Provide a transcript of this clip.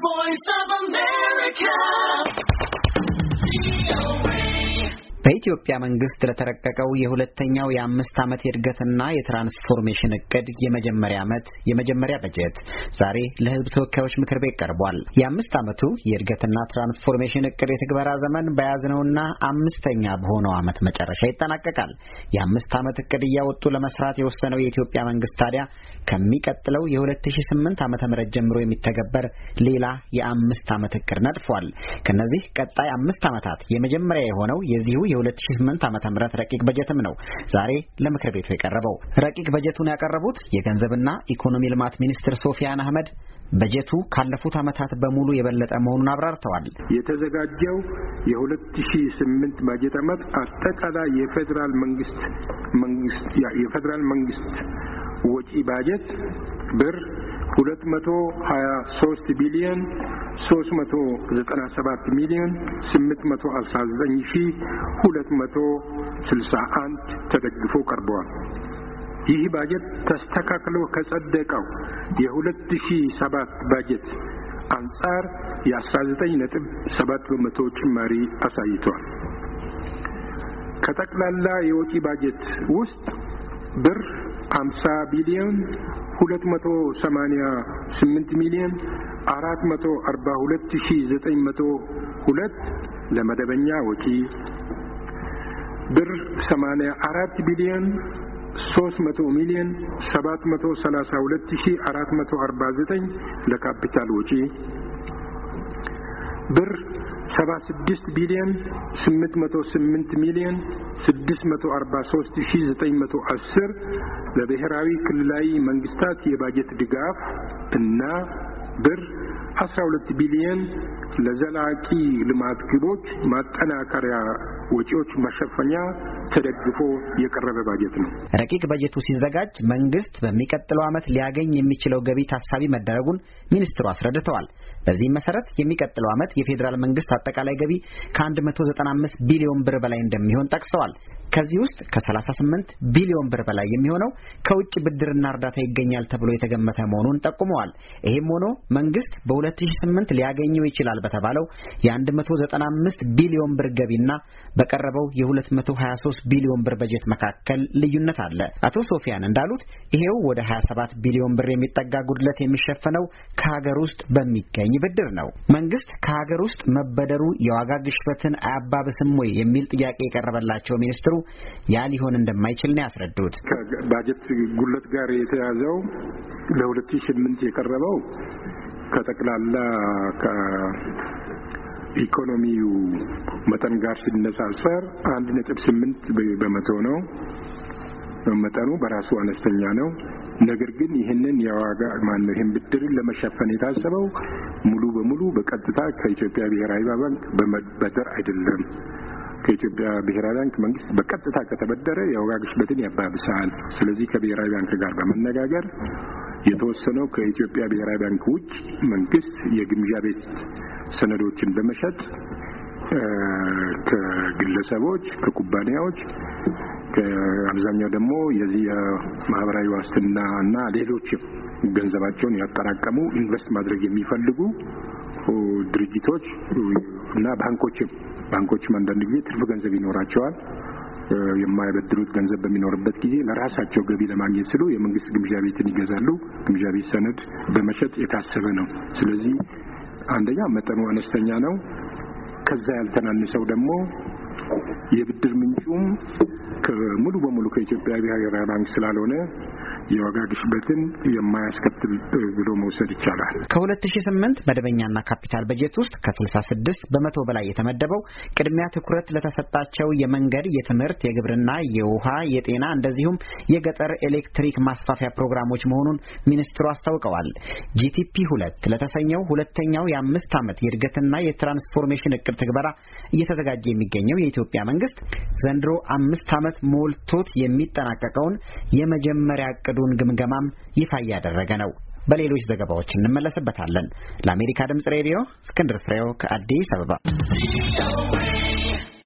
voice of America. በኢትዮጵያ መንግስት ለተረቀቀው የሁለተኛው የአምስት ዓመት የእድገትና የትራንስፎርሜሽን እቅድ የመጀመሪያ ዓመት የመጀመሪያ በጀት ዛሬ ለሕዝብ ተወካዮች ምክር ቤት ቀርቧል። የአምስት ዓመቱ የእድገትና ትራንስፎርሜሽን እቅድ የትግበራ ዘመን በያዝነውና አምስተኛ በሆነው ዓመት መጨረሻ ይጠናቀቃል። የአምስት ዓመት እቅድ እያወጡ ለመስራት የወሰነው የኢትዮጵያ መንግስት ታዲያ ከሚቀጥለው የ2008 ዓ ም ጀምሮ የሚተገበር ሌላ የአምስት ዓመት እቅድ ነድፏል። ከነዚህ ቀጣይ አምስት ዓመታት የመጀመሪያ የሆነው የዚሁ የ2008 ዓ.ም ረቂቅ በጀትም ነው ዛሬ ለምክር ቤቱ የቀረበው። ረቂቅ በጀቱን ያቀረቡት የገንዘብና ኢኮኖሚ ልማት ሚኒስትር ሶፊያን አህመድ በጀቱ ካለፉት ዓመታት በሙሉ የበለጠ መሆኑን አብራርተዋል። የተዘጋጀው የ2008 በጀት ዓመት አጠቃላይ የፌዴራል መንግስት መንግስት የፌዴራል መንግስት ወጪ ባጀት ብር ሁለት መቶ ሀያ ሶስት ቢሊዮን ሶስት መቶ ዘጠና ሰባት ሚሊዮን ስምንት መቶ አስራ ዘጠኝ ሺ ሁለት መቶ ስልሳ አንድ ተደግፎ ቀርበዋል። ይህ ባጀት ተስተካክሎ ከጸደቀው የሁለት ሺ ሰባት ባጀት አንጻር የአስራ ዘጠኝ ነጥብ ሰባት በመቶ ጭማሪ አሳይቷል። ከጠቅላላ የወጪ ባጀት ውስጥ ብር ሀምሳ ቢሊዮን ሁለት መቶ ሰማኒያ ስምንት ሚሊዮን አራት መቶ አርባ ሁለት ሺ ዘጠኝ መቶ ሁለት ለመደበኛ ወጪ ብር ሰማኒያ አራት ቢሊዮን ሶስት መቶ ሚሊዮን ሰባት መቶ ሰላሳ ሁለት ሺ አራት መቶ አርባ ዘጠኝ ለካፒታል ወጪ ብር 76 ቢሊዮን ስምንት ሚሊዮን አስር ለብሔራዊ ክልላዊ መንግስታት የባጀት ድጋፍ እና ብር 12 ቢሊዮን ለዘላቂ ልማት ግቦች ማጠናከሪያ ወጪዎች መሸፈኛ ተደግፎ የቀረበ ባጀት ነው። ረቂቅ በጀቱ ሲዘጋጅ መንግስት በሚቀጥለው ዓመት ሊያገኝ የሚችለው ገቢ ታሳቢ መደረጉን ሚኒስትሩ አስረድተዋል። በዚህም መሰረት የሚቀጥለው ዓመት የፌዴራል መንግስት አጠቃላይ ገቢ ከ195 ቢሊዮን ብር በላይ እንደሚሆን ጠቅሰዋል። ከዚህ ውስጥ ከ38 ቢሊዮን ብር በላይ የሚሆነው ከውጭ ብድርና እርዳታ ይገኛል ተብሎ የተገመተ መሆኑን ጠቁመዋል። ይህም ሆኖ መንግስት በ2008 ሊያገኘው ይችላል በተባለው የ195 ቢሊዮን ብር ገቢና በቀረበው የ223 ቢሊዮን ብር በጀት መካከል ልዩነት አለ። አቶ ሶፊያን እንዳሉት ይሄው ወደ 27 ቢሊዮን ብር የሚጠጋ ጉድለት የሚሸፈነው ከሀገር ውስጥ በሚገኝ ብድር ነው። መንግስት ከሀገር ውስጥ መበደሩ የዋጋ ግሽበትን አያባብስም ወይ የሚል ጥያቄ የቀረበላቸው ሚኒስትሩ ያ ሊሆን እንደማይችል ነው ያስረዱት። ከባጀት ጉድለት ጋር የተያዘው ለ ሺህ የቀረበው ከጠቅላላ ኢኮኖሚው መጠን ጋር ሲነጻጸር አንድ ነጥብ ስምንት በመቶ ነው። መጠኑ በራሱ አነስተኛ ነው። ነገር ግን ይህንን የዋጋ ማነው ይህን ብድርን ለመሸፈን የታሰበው ሙሉ በሙሉ በቀጥታ ከኢትዮጵያ ብሔራዊ ባንክ በመበደር አይደለም። ከኢትዮጵያ ብሔራዊ ባንክ መንግስት በቀጥታ ከተበደረ የዋጋ ግሽበትን ያባብሳል። ስለዚህ ከብሔራዊ ባንክ ጋር በመነጋገር የተወሰነው ከኢትዮጵያ ብሔራዊ ባንክ ውጭ መንግስት የግምዣ ቤት ሰነዶችን በመሸጥ ከግለሰቦች፣ ከኩባንያዎች አብዛኛው ደግሞ የዚህ የማህበራዊ ዋስትና እና ሌሎችም ገንዘባቸውን ያጠራቀሙ ኢንቨስት ማድረግ የሚፈልጉ ድርጅቶች እና ባንኮችም ባንኮችም አንዳንድ ጊዜ ትርፍ ገንዘብ ይኖራቸዋል። የማይበድሩት ገንዘብ በሚኖርበት ጊዜ ለራሳቸው ገቢ ለማግኘት ስሉ የመንግስት ግምጃ ቤትን ይገዛሉ። ግምጃ ቤት ሰነድ በመሸጥ የታሰበ ነው። ስለዚህ አንደኛ መጠኑ አነስተኛ ነው። ከዛ ያልተናነሰው ደግሞ የብድር ምንጩም ሙሉ በሙሉ ከኢትዮጵያ ብሔራዊ ባንክ ስላልሆነ የዋጋ ግሽበትን የማያስከትል ብሎ መውሰድ ይቻላል። ከ2008 መደበኛና ካፒታል በጀት ውስጥ ከ66 በመቶ በላይ የተመደበው ቅድሚያ ትኩረት ለተሰጣቸው የመንገድ፣ የትምህርት፣ የግብርና፣ የውሃ፣ የጤና እንደዚሁም የገጠር ኤሌክትሪክ ማስፋፊያ ፕሮግራሞች መሆኑን ሚኒስትሩ አስታውቀዋል። ጂቲፒ ሁለት ለተሰኘው ሁለተኛው የአምስት ዓመት የእድገትና የትራንስፎርሜሽን እቅድ ትግበራ እየተዘጋጀ የሚገኘው የኢትዮጵያ መንግስት ዘንድሮ አምስት ዓመት ሞልቶት የሚጠናቀቀውን የመጀመሪያ እቅዱ መውሰዱን ግምገማም ይፋ እያደረገ ነው። በሌሎች ዘገባዎች እንመለስበታለን። ለአሜሪካ ድምጽ ሬዲዮ እስክንድር ፍሬው ከአዲስ አበባ